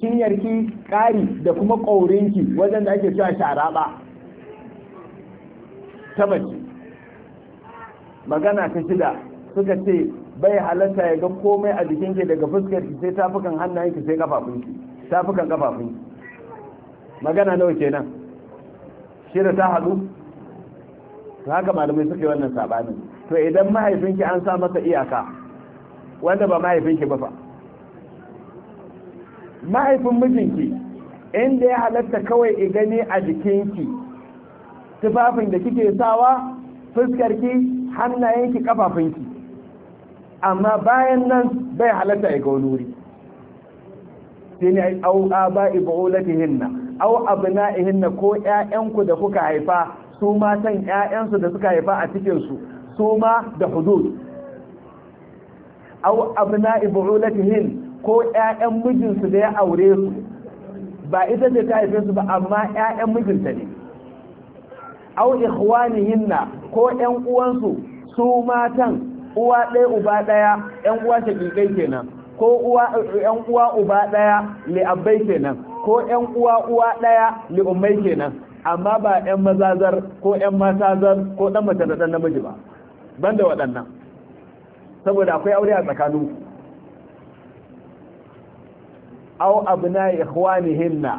cinyarki ƙari da kuma ƙaurinki wajen da ake cewa shara ba ta magana ta shida suka ce bai halatta ya ga komai a jikin ki daga fuskar ki sai tafukan hannayen ki sai kafafun ki tafukan kafafun ki magana nawa kenan shida ta hadu to haka malamai suka yi wannan sabanin to idan mahaifin ki an sa masa iyaka wanda ba mahaifin ki ba fa mahaifin mijin ki inda ya halatta kawai i gani a ki tufafin da kike sawa fuskar ki hannayen ki kafafun ki. amma bayan nan bai halatta ya ga wani wuri sai ne au aba au abna'ihinna ko ƴaƴanku da kuka haifa su ma san ƴaƴansu da suka haifa a cikin su su ma da hudud au abna'i bulatihin ko ƴaƴan mijinsu da ya aure su ba ita ce ta haife su ba amma ƴaƴan mijinta ne au ikhwanihinna ko ƴan uwansu su matan uwa ɗaya uba ɗaya ‘yan uwa shaƙiƙai kenan ko uwa ‘yan uwa uba ɗaya li'abbai kenan ko ‘yan uwa uwa ɗaya li'ummai kenan amma ba ‘yan mazazar ko ‘yan matazar ko ɗan mace da ɗan namiji ba banda waɗannan saboda akwai aure a tsakanin au abna ikhwanihinna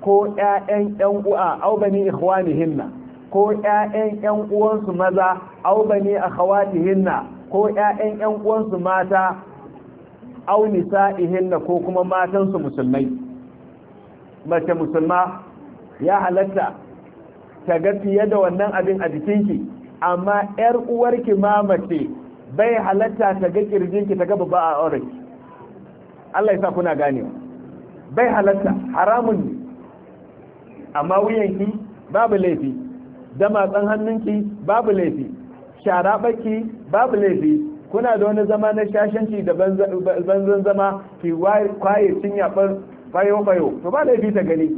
ko ƴaƴan ƴan uwa au bani hinna, ko ƴaƴan ƴan uwansu maza au bani akhawatihinna ko ‘ya'yan ‘yan uwansu mata aunisa ihinna ko kuma matansu musulmai mace musulma ya halatta ta ga fiye da wannan abin a jikinki amma ‘yar uwarki ma mace bai halatta ta ga kirjinki ta gaba ba a auren Allah ya sa kuna gane bai halatta haramun ne amma wuyanki babu laifi da matsan hannunki babu laifi shara baki babu laifi kuna da wani zama na shashanci da banzan zama ki kwaye yaɓar fayo fayo to ba laifi ta gani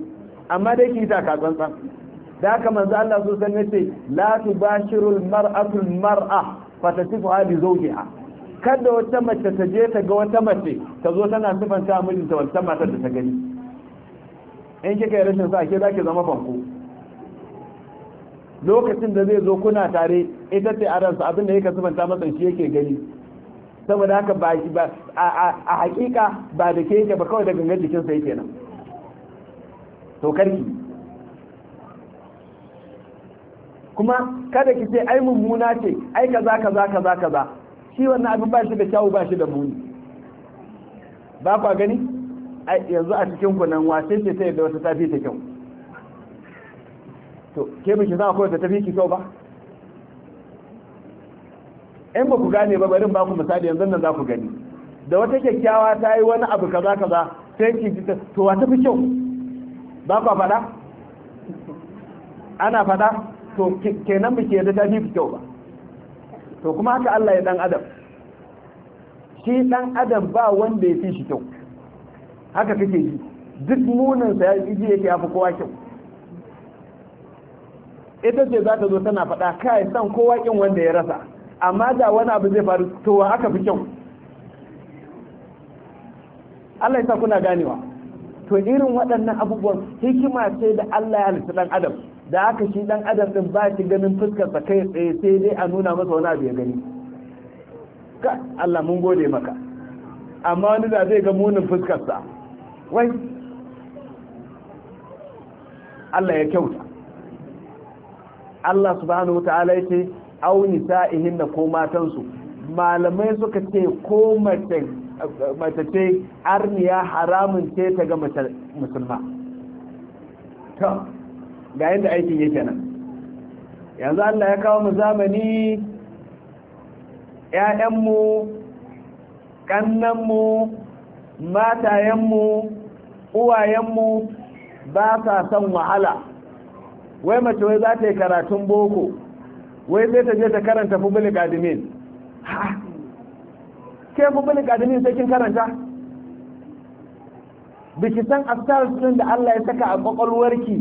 amma dai ki ta katsantsan da haka manzo Allah su san yace la tubashirul mar'atu mar'a fa tasifu hadi zawjiha kada wata mace ta je ta ga wata mace ta zo tana sifanta mijinta wata matar da ta gani in kika yi rashin sa ke zaki zama fanko lokacin da zai zo kuna tare ita ce a ransa abin da kasu banta masa shi yake gani saboda haka ba a hakika ba da ke yake ba kawai da gangan jikinsa yake nan to karki kuma kada ki ce ai mummuna ce ai kaza kaza kaza kaza shi wannan abin ba shi da kyawu ba shi da muni ba kwa gani yanzu a cikin ku nan wace ce ta yadda wata tafi ta kyau to ke miki za ku ta tafi ki kyau ba in ba ku gane ba barin ba ku misali yanzu nan za ku gani da wata kyakkyawa ta yi wani abu kaza kaza sai ki ji to wa tafi kyau ba ku faɗa ana faɗa to kenan ba ke da ta fi kyau ba to kuma haka Allah ya dan adam shi dan adam ba wanda ya fi shi kyau haka kake ji duk munin sa ya ji yake yafi kowa kyau ita ce za ta zo tana faɗa kai san kowa kin wanda ya rasa amma da wani abu zai faru to wa aka fi kyau Allah ya sa kuna ganewa to irin waɗannan abubuwan hikima ce da Allah ya halitta dan adam da aka shi dan adam din ba shi ganin fuskar sa kai tsaye sai dai a nuna masa wani abu ya gani ka Allah mun gode maka amma wani da zai ga munin fuskar sa wai Allah ya kyauta Allah subhanahu wata'ala yace aw nisa'ihin ko matansu malamai suka ce ko mace mace ce arniya haramun ce ta ga musulma to ga yadda aikin yake nan yanzu Allah ya kawo mu zamani 'ya'yanmu ƙannanmu matayenmu uwayenmu ba sa son wahala wai mace wai za ta yi karatun boko wai sai ta je ta karanta public admin ha ke public admin sai kin karanta biki san aftar sun da Allah ya saka a kwakwalwarki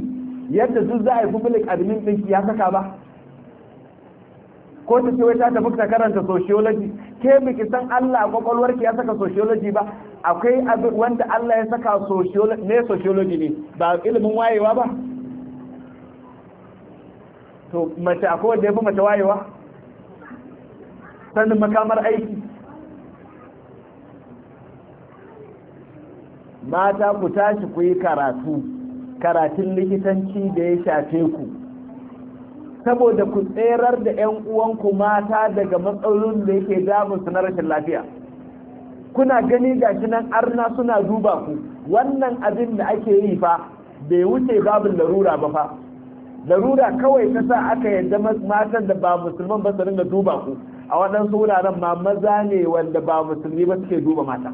yadda duk za a yi public admin ɗinki ya saka ba ko ta ce wai ta tafi ta karanta sociology ke biki san Allah a kwakwalwarki ya saka sociology ba akwai wanda Allah ya saka ne sociology ne ba ilimin wayewa ba to mace akwai wanda ya fi mace wayewa sannan makamar aiki mata ku tashi ku yi karatu karatun likitanci da ya shafe ku saboda ku tserar da 'yan uwanku mata daga matsalolin da yake damun su na rashin lafiya kuna gani gashi nan arna suna duba ku wannan abin da ake yi fa bai wuce babin larura ba fa larura kawai ta sa aka yadda matan da ba musulman ba su ringa duba ku a waɗansu wuraren ma maza ne wanda ba musulmi ba suke duba mata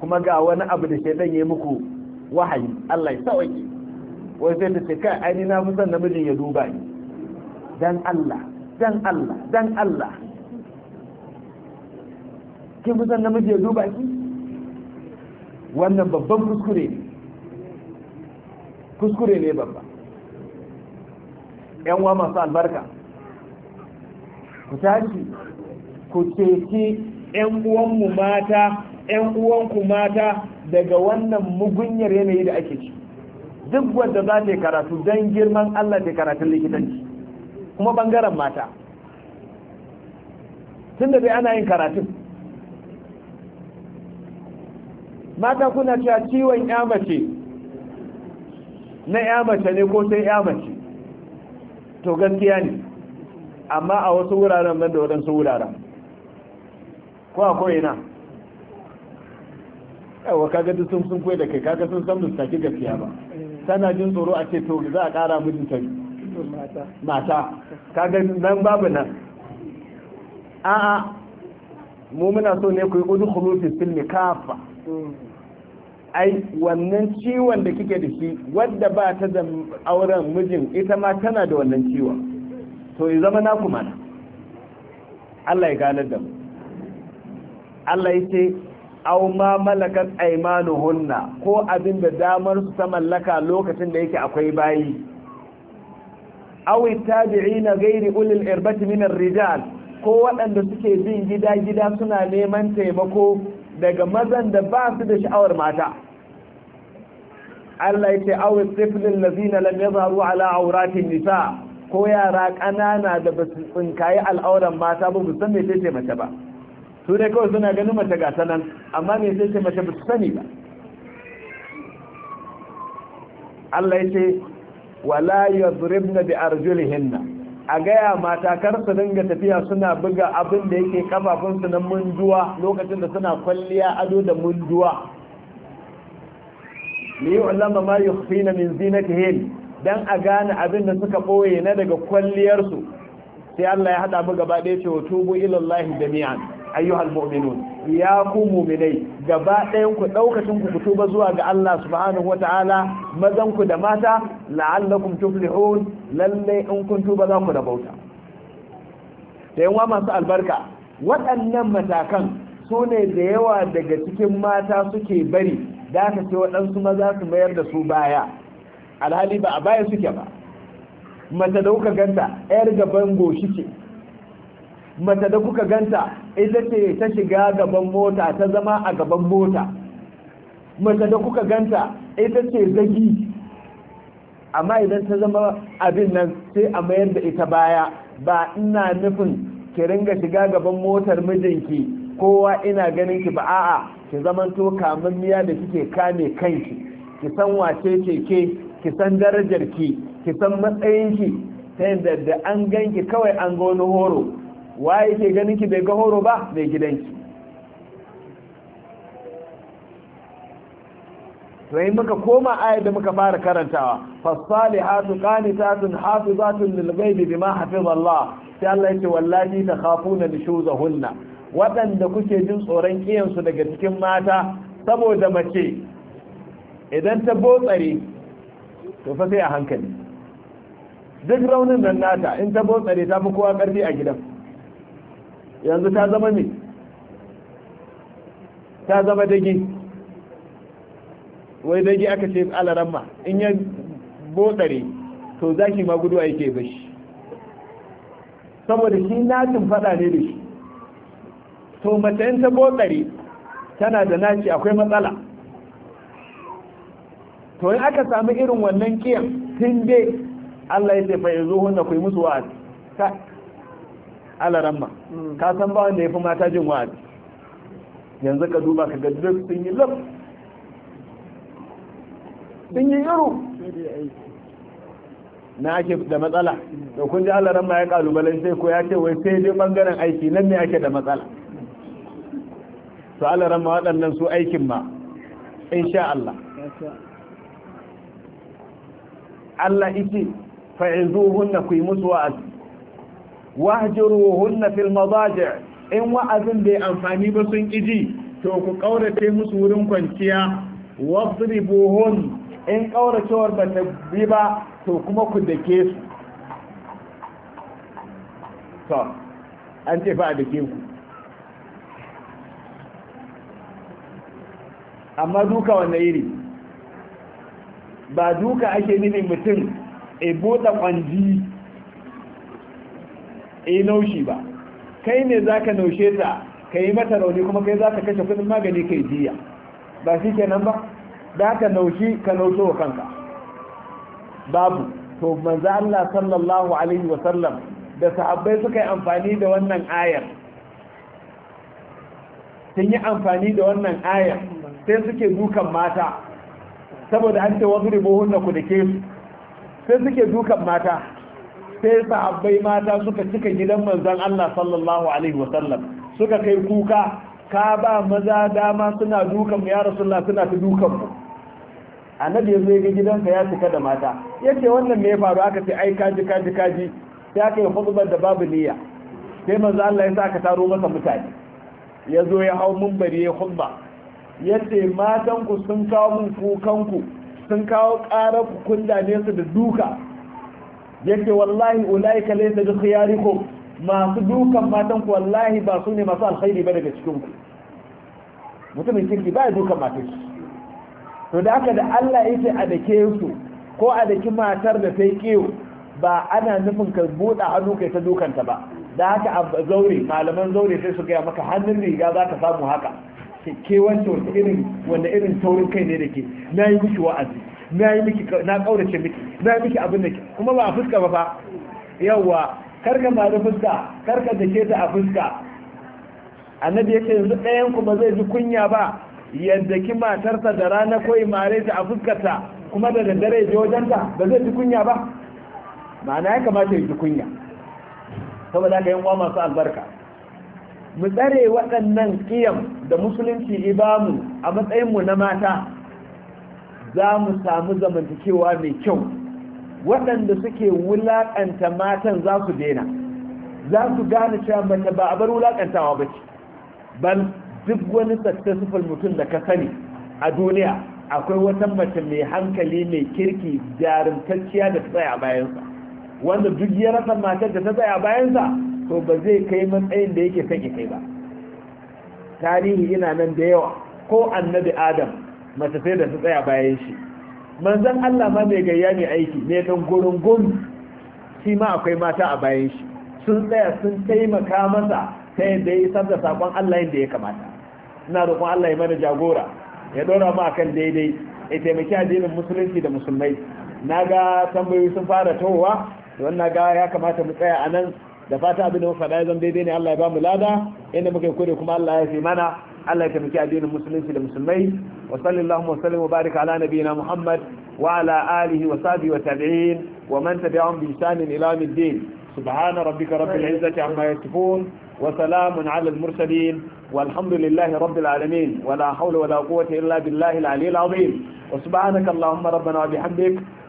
kuma ga wani abu da shaidan ya muku wahayi Allah ya sauke wai sai da kai aini na fi son namijin ya duba ni dan Allah dan Allah dan Allah kin fi son namiji ya duba ki wannan babban kuskure ne kuskure ne babba yan wa masu albarka ku tashi ku teki yan uwanmu mata yan uwanku mata daga wannan mugunyar yanayi da ake ci duk wadda za ta karatu don girman Allah ta karatun likitanci kuma bangaren mata tun da dai ana yin karatun mata kuna cewa ciwon ya mace na ya mace ne ko sai ya mace to gaskiya ne amma a wasu wuraren nan da waɗansu wuraren ko a ko'ina yawa kaga duk sun sun koyi da kai kaga sun san mustaki gaskiya ba tana jin tsoro a ce to za a ƙara mijinta mata kaga nan babu nan a'a mu muna so ne ku yi udkhulu fi fil kafa mm. ai wannan ciwon da kike da shi wadda ba ta da auren mijin ita ma tana da wannan ciwon to ya zama kuma na, Allah ya ganar da mu Allah ya ce aw ma malakat aymanuhunna ko abin da damar su ta mallaka lokacin da yake akwai bayi aw ittabi'ina ghairi ulil irbati min ar-rijal ko waɗanda suke bin gida gida suna neman taimako daga mazan da ba su da sha'awar mata Allah ya ce awi siflin lazina lam yazharu ala auratin nisa ko yara ƙanana da basu su tsinkayi al'auran mata ba su san me ce mace ba su dai kawai suna ganin mace ga sanan amma me ce mace ba su sani ba Allah ya ce wala yadribna bi arjulihinna a gaya mata kar su dinga tafiya suna buga abin da yake kafafunsu na munduwa lokacin da suna kwalliya ado da munduwa li yu'lama ma yukhfina min zinatihim dan a gane abin da suka boye na daga kwalliyarsu. sai Allah ya hada mu gaba ɗaya cewa tubu ila Allah jami'an ayyuhal mu'minun ya ku mu'minai gaba ɗayan ku daukacin ku tuba zuwa ga Allah subhanahu wata'ala mazan ku da mata la'allakum tuflihun lalle in kun tuba za ku rabauta da yawa masu albarka waɗannan matakan sune da yawa daga cikin mata suke bari da aka ce waɗansu maza su mayar da su baya alhali ba a baya suke ba mata da kuka ganta yar gaban goshi ce mata da kuka ganta ita ce ta shiga gaban mota ta zama a gaban mota mata da kuka ganta ita ce zagi amma idan ta zama abin nan sai a mayar da ita baya ba ina nufin ki ringa shiga gaban motar mijinki kowa ina ganin ki ba a'a ki zaman zamanto miya da kike kame kanki ki san wace ce ke ki san darajar ki ki san matsayin ki ta yadda da an ganki kawai an ga wani horo waye ke ganin ki bai ga horo ba mai gidanki to muka koma ayar da muka fara karantawa fasalihatu qanitatun hafizatun lil ghaibi bima hafiz Allah sai Allah yace wallahi takhafuna shuzahunna waɗanda kuke jin tsoron kiyansu daga cikin mata saboda mace idan ta botsare to fa sai a hankali duk raunin nan nata in ta botsare ta fi kowa ƙarfi a gidan yanzu ta zama ne ta zama dage wai dage aka ce ramma? in ya botsare to zaki ma gudu a yake bashi saboda shi natin fada ne da shi to mace in ta botsare tana da naci akwai matsala to in aka samu irin wannan kiyan tun dai Allah ya ce fa yanzu hunna ku yi musu wa'azi ka alaramma hmm. ka san ba wanda ya fi mata jin wa'azi yanzu ka duba ka ga duk sun yi lab sun yi yaro na ake da matsala da kun ji alaramma ya kalubalen sai ko ya ce wai sai dai bangaren aiki nan ne ake da matsala su alaran ma waɗannan su aikin ma insha Allah Allah ike hunna ku yi musu wa'azi hunna fil madaji' in wa'azin bai amfani ba sun kiji to ku kaurace musu wurin kwanciya wasribuhun in kauracewar ba ta bi ba to kuma ku dake su to an ce fa a dake ku amma duka wanne iri ba duka ake nufin mutum a bota ƙwanji a naushi ba kai ne za ka naushe ta ka yi mata rauni kuma kai za ka kashe kudin magani kai jiya ba shi kenan ba da ka naushi ka naushe wa kanka babu to Manza Allah sallallahu alaihi wa sallam da sahabbai suka yi amfani da wannan ayar sun yi amfani da wannan ayar sai suke dukan mata saboda an ce wasu ribohun na kudake su sai suke dukan mata sai sahabbai mata suka cika gidan manzan Allah sallallahu alaihi wasallam suka kai kuka ka ba maza dama suna dukan ya rasulullah suna ta dukan mu annabi ya zo ga gidansa ya cika da mata yace wannan me ya faru aka ce ai kaji kaji kaji sai aka yi khutbar da babu niyya sai manzo Allah ya sa ka taro masa mutane ya zo ya hau mumbari ya khutba Yadda matanku sun kawo mun kukanku, sun kawo ƙararku ku kulla ne su da duka yace wallahi ulaika laysa yari ko, masu dukan matanku wallahi ba su ne masu alkhairi ba daga cikin ku mutumin kirki ba ya dukan matanku. to da haka da Allah yake a dake su ko a daki matar da sai kiyo ba ana nufin ka buɗe hannu kai ta dukanta ba da haka a zaure malaman zaure sai su gaya maka hannun riga za ka samu haka ke wanda wata irin wanda irin taurin kai ne da ke na yi miki wa'azi na yi miki na kaurace miki na yi miki abin da ke kuma ba a fuska ba fa yawwa karka ma da fuska karka da ke ta a fuska annabi ce yanzu ɗayan ku ba zai ji kunya ba yadda ki matarsa da rana ko mare ta a fuskarta kuma da daddare je wajen ta ba zai ji kunya ba ma'ana ya kamata ya ji kunya saboda haka yan uwa masu albarka mu tsare waɗannan ƙiyam da musulunci ibamu a matsayinmu na mata za mu samu zamantakewa mai kyau waɗanda suke wulaƙanta matan za su dena za su gane cewa mace ba a bar wulaƙantawa ba ce ban duk wani successful mutum da ka sani a duniya akwai wata mace mai hankali mai kirki jarumtacciya da ta tsaya a bayansa wanda duk ya rasa matar da ta tsaya a bayansa to ba zai kai matsayin da yake son ya kai ba tarihi ina nan da yawa ko annabi adam mace sai da su tsaya bayan shi manzon Allah ma mai gayya ne aiki ne dan gurin shi ma akwai mata a bayan shi sun tsaya sun taimaka masa ta yadda ya isar da sakon Allah yadda ya kamata ina roƙon Allah ya mana jagora ya dora mu kan daidai ya taimaki addinin musulunci da musulmai na ga tambayoyi sun fara towa don na ga ya kamata mu tsaya a nan da fata abin da faɗa ya zama daidai ne Allah ya ba mu lada inda muke kore kuma Allah ya fi mana Allah ya taimaki addinin musulunci da musulmai wa sallallahu wa sallam wa barika ala nabiyina Muhammad wa ala alihi wa sahbihi wa tabi'in wa man tabi'ahum bi ihsan ila yawm din subhana rabbika rabbil izzati amma yasifun wa salamun ala al mursalin والحمد لله رب العالمين ولا حول ولا قوة إلا بالله العلي العظيم وسبحانك اللهم ربنا وبحمدك